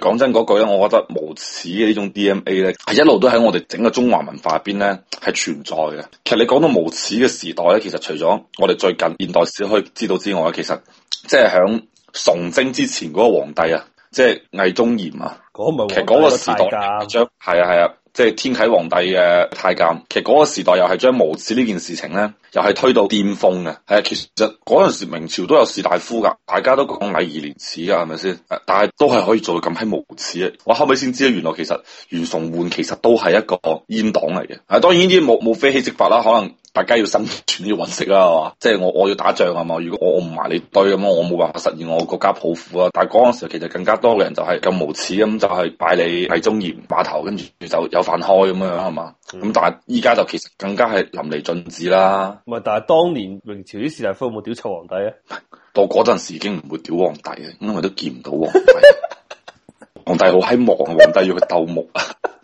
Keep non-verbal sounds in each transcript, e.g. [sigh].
講真嗰句咧，我覺得無恥嘅呢種 DNA 咧，係一路都喺我哋整個中華文化入邊咧係存在嘅。其實你講到無恥嘅時代咧，其實除咗我哋最近現代史可以知道之外，其實即係響崇禎之前嗰個皇帝啊，即係魏忠賢啊，其實嗰個時代係啊係啊。即係天啟皇帝嘅太監，其實嗰個時代又係將無恥呢件事情咧，又係推到巔峰嘅。誒，其實嗰陣時明朝都有士大夫噶，大家都講禮義廉恥噶，係咪先？但係都係可以做到咁閪無恥啊！我後尾先知道，原來其實袁崇煥其實都係一個閹黨嚟嘅。啊，當然啲冇冇非黑即白啦，可能。大家要生存要搵食啊，係嘛？即係我我要打仗啊嘛！如果我我唔埋你堆咁樣，我冇辦法實現我國家抱負啊！但係嗰陣時候其實更加多嘅人就係咁無恥咁，就係、是、擺你魏忠賢碼頭，跟住就有飯開咁樣樣係嘛？咁、嗯、但係依家就其實更加係淋漓盡致啦。係，但係當年明朝啲士大夫冇屌臭皇帝啊？到嗰陣時已經唔會屌皇帝啦，因為都見唔到皇帝。皇 [laughs] 帝好希木，皇帝要去鬥木啊！ [laughs]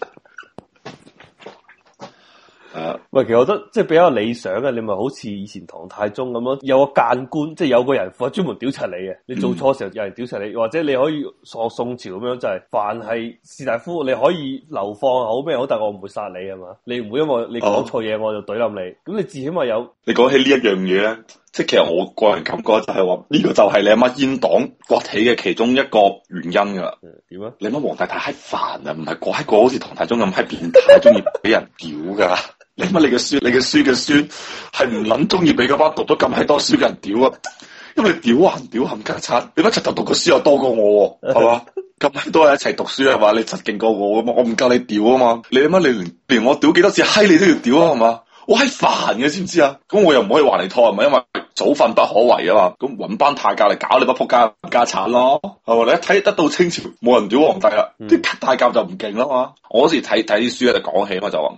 喂，其實我覺得即係比較理想嘅，你咪好似以前唐太宗咁樣有個諫官，即係有個人係專門屌查你嘅。你做錯時候有人屌查你，或者你可以學宋朝咁樣，就係、是、凡係士大夫，你可以流放好咩好，但係我唔會殺你係嘛，你唔會因為你講錯嘢我就懟冧你。咁你至少咪有。你講起呢一樣嘢咧，即係其實我個人感覺就係話呢個就係你乜閹黨崛起嘅其中一個原因啊。點樣？你乜皇帝太閪煩啊？唔係乖個，好似唐太宗咁閪變態，中意俾人屌噶。你乜你嘅書，你嘅書嘅書係唔捻中意俾嗰班讀咗咁閪多書嘅人屌啊？因為你屌還屌冚家鏟，你一柒頭讀嘅書又多過我，係嘛？咁閪多人一齊讀書係嘛？你柒勁過我啊嘛，我唔夠你屌啊嘛！你乜你連連我屌幾多次閪你都要屌啊？係嘛？我閪煩嘅，知唔知啊？咁我又唔可以還你拖，係咪因為早瞓不可為啊嘛？咁揾班太監嚟搞你班仆街家產咯，係嘛？你一睇得到清朝冇人屌皇帝啦，啲太監就唔勁啦嘛。我嗰時睇睇啲書喺度講起咪就話。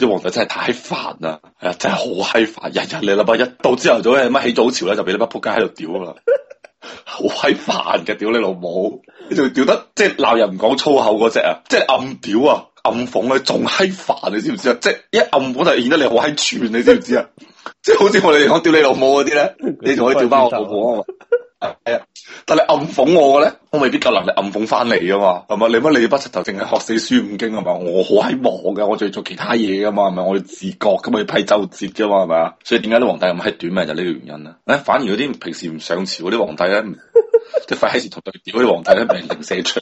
啲皇帝真係太煩啦，真係好閪煩，日日你禮拜一到朝頭早咧，乜起早朝咧就俾你班仆街喺度屌嘛！好 [laughs] 閪煩嘅，屌你老母，你仲屌得即係鬧人唔講粗口嗰隻啊，即係暗屌啊，暗諷啊？仲閪煩，你知唔知啊？即係一暗本就顯得你好閪串，你知唔知啊？ [laughs] 即係好似我哋講屌你老母嗰啲咧， [laughs] 你仲可以屌翻我老母啊嘛？ [laughs] 係啊，但係暗諷我嘅咧，我未必夠能力暗諷翻你啊嘛，係咪？你乜你要不屈頭，淨係學四書五經啊嘛？我好係忙嘅，我仲要做其他嘢噶嘛，係咪？我要自覺咁嘛，要批奏摺噶嘛，係咪啊？所以點解啲皇帝咁閪短命就呢個原因啦？誒，反而嗰啲平時唔上朝嗰啲皇帝咧，即費事同佢屌嗰啲皇帝咧，命 [laughs] 零舍出，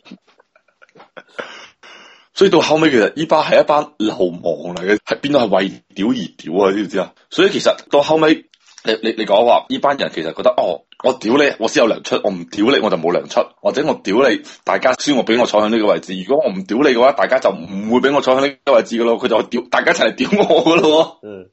[laughs] 所以到後尾其實呢班係一班流氓嚟嘅，係邊度係為屌而屌啊？知唔知啊？所以其實到後尾，你你你講話呢班人其實覺得哦。我屌你，我先有糧出，我唔屌你我就冇糧出，或者我屌你，大家先我俾我坐喺呢個位置，如果我唔屌你嘅話，大家就唔會俾我坐喺呢個位置嘅咯，佢就屌，大家一齊嚟屌我嘅咯，嗯，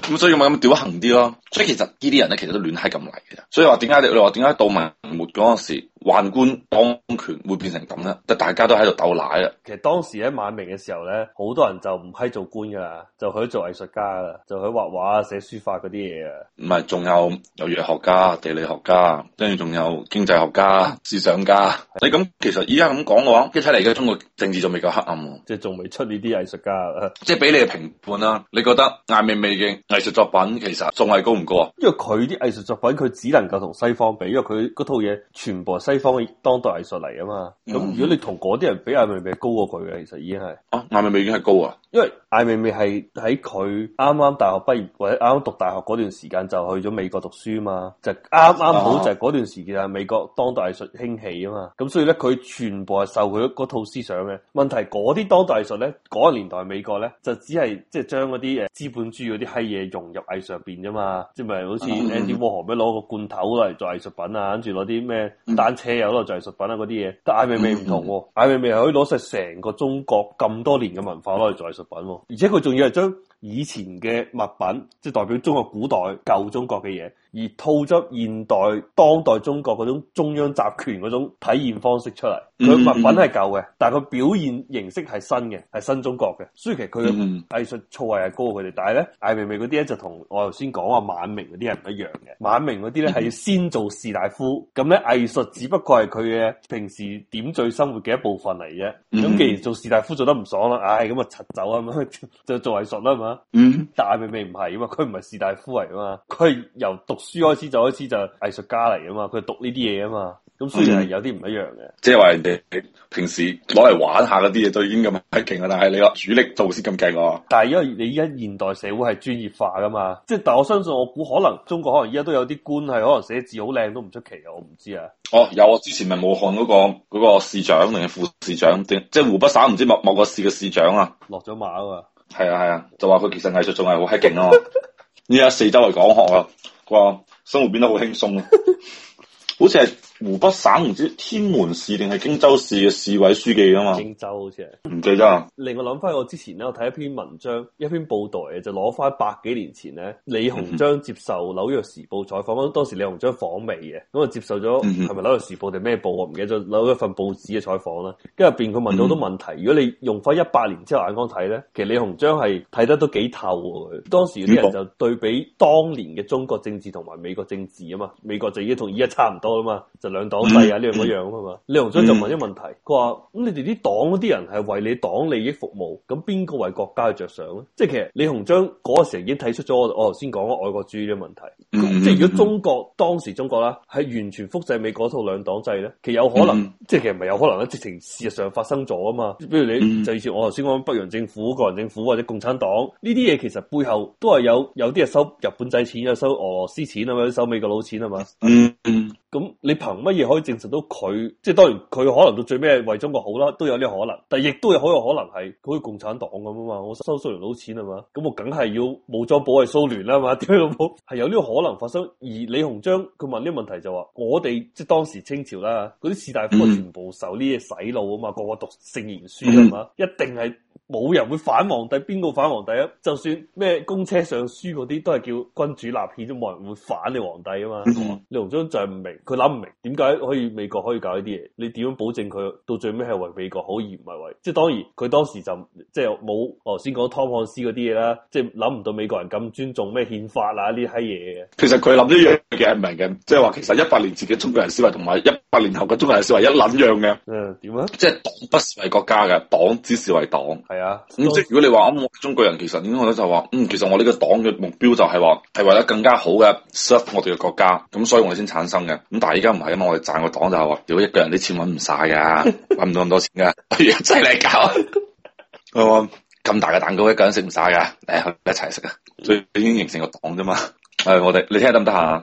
咁 [laughs] 所以咪咁屌行啲咯，所以其實這些呢啲人咧其實都亂係咁嚟嘅，所以話點解你話點解到埋末嗰時？宦官當權會變成咁咧，即係大家都喺度鬥奶啊！其實當時喺晚明嘅時候咧，好多人就唔係做官噶啦，就去做藝術家噶啦，就去畫畫、寫書法嗰啲嘢啊。唔係，仲有有藥學家、地理學家，跟住仲有經濟學家、思想家。你咁其實而家咁講嘅話，一睇嚟而家中國政治仲未夠黑暗喎、啊，即係仲未出呢啲藝術家。 [laughs] 即係俾你嘅評判啦，你覺得艾未未嘅藝術作品其實仲係高唔高啊？因為佢啲藝術作品佢只能夠同西方比，因為佢嗰套嘢全部西西方嘅當代藝術嚟啊嘛，咁、mm -hmm. 如果你同嗰啲人比，艾未未高過佢嘅，其實已經係。啊，艾未未已經係高啊，因為艾未未係喺佢啱啱大學畢業或者啱啱讀大學嗰段時間就去咗美國讀書啊嘛，就啱啱好就嗰段時間美國當代藝術興起啊嘛，咁、啊、所以咧佢全部係受佢嗰套思想嘅問題是。嗰啲當代藝術咧，嗰年代美國咧就只係即係將嗰啲誒資本主義嗰啲閪嘢融入藝術入邊啫嘛，即係咪好似 Andy Warhol 咩攞個罐頭嚟做藝術品啊，跟住攞啲咩蛋。車有嗰個藝術品啊，嗰啲嘢，但艾未未唔同喎，艾未未係可以攞晒成個中國咁多年嘅文化攞嚟做藝術品，而且佢仲要係將以前嘅物品，即係代表中國古代舊中國嘅嘢。而套咗現代當代中國嗰種中央集權嗰種體現方式出嚟，佢物品係舊嘅，但係佢表現形式係新嘅，係新中國嘅。所以其實佢嘅藝術造詣係高過佢哋，但係咧艾薇薇嗰啲咧就同我頭先講話晚明嗰啲係唔一樣嘅。晚明嗰啲咧係要先做士大夫，咁咧藝術只不過係佢嘅平時點綴生活嘅一部分嚟嘅。咁既然做士大夫做得唔爽啦，唉、哎，咁啊，闌走啊嘛，就做藝術啦嘛。嗯，但係艾薇薇唔係啊嘛，佢唔係士大夫嚟啊嘛，佢由讀書開始就開始就係藝術家嚟噶嘛，佢讀呢啲嘢啊嘛，咁雖然係有啲唔一樣嘅，即係話人哋平時攞嚟玩下嗰啲嘢都已經咁啊，係勁啊！但係你話主力做先咁勁喎。但係因為你依家現代社會係專業化噶嘛，即係但我相信我估可能中國現在可能依家都有啲官係可能寫字好靚都唔出奇啊！我唔知啊。哦，有啊！之前咪武漢嗰、嗰個、嗰個市長定係副市長，定即係湖北省唔知某某個市嘅市長啊，落咗馬嘛、啊。係啊係啊，就話佢其實藝術仲係好閪勁啊嘛，依 [laughs] 家四周嚟講學啊。哇！生活變得好輕鬆咯、啊，、 [laughs] 好似係。湖北省唔知天門市定係荊州市嘅市委書記啊嘛？荊州好似係，唔記得啊。另外諗翻，我之前咧，我睇一篇文章，一篇報導就攞翻百幾年前咧，李鴻章接受紐約時報採訪，嗯，當時李鴻章訪美嘅，咁啊接受咗係咪紐約時報定咩報？我唔記得咗，紐約一份報紙嘅採訪啦。跟住入邊佢問咗好多問題，嗯。如果你用翻一百年之後眼光睇咧，其實李鴻章係睇得都幾透。當時啲人就對比當年嘅中國政治同埋美國政治啊嘛，美國就已經同而家差唔多啊嘛。兩黨制啊，呢樣嗰樣啊嘛。李鴻章就問一問題，佢、嗯、話：咁你哋啲黨嗰啲人係為你黨利益服務，咁邊個為國家去着想咧？即係其實李鴻章嗰個時已經提出咗我我頭先講嘅愛國主義嘅問題。嗯、即係如果中國、嗯、當時中國啦，係完全複製美國套兩黨制咧，其實有可能，嗯、即係其實唔係有可能咧，直情事實上發生咗啊嘛。比如你，就以前我頭先講北洋政府、國民政府或者共產黨呢啲嘢，其實背後都係有有啲人收日本仔錢，有收俄羅斯錢啊嘛，收美國佬錢啊嘛。嗯。咁你憑乜嘢可以證實到佢？即係當然佢可能到最尾係為中國好啦，都有呢個可能。但亦都有好有可能係，好似共產黨咁啊嘛，我收蘇聯攞錢啊嘛，咁我梗係要武裝保衛蘇聯啦嘛，係有呢個可能發生。而李鴻章佢問呢個問題就話：我哋即係當時清朝啦，嗰啲士大夫全部受呢啲洗腦啊嘛，個個讀聖賢書啊嘛、嗯，一定係。冇人會反皇帝，邊個反皇帝啊？就算咩公車上書嗰啲，都係叫君主立憲，都冇人會反你皇帝啊嘛！李鴻、嗯、章就係唔明，佢諗唔明點解可以美國可以搞呢啲嘢？你點樣保證佢到最尾係為美國好而唔係為？即係當然，佢當時就即係冇哦，頭先講湯漢斯嗰啲嘢啦，即係諗唔到美國人咁尊重咩憲法啊呢啲嘢嘅。其實佢諗一樣嘅，唔明嘅，即係話其實一百年前嘅中國人思維同埋一百年後嘅中國人思維一撚樣嘅。嗯，點啊？即係黨不是為國家嘅，黨只是為黨。咁即係如果你話我中國人其實點講咧，就話，嗯，其實我呢個黨嘅目標就係話係為咗更加好嘅 serve 我哋嘅國家，咁所以我哋先產生嘅。咁但係依家唔係啊嘛，我哋賺個黨就係話，如果一個人啲錢搵唔晒噶，搵唔到咁多錢噶，真係搞。咁大嘅蛋糕一個人食唔晒噶，誒，一齊食啊，所以已經形成個黨啫嘛。係我哋，你聽得唔得閒啊？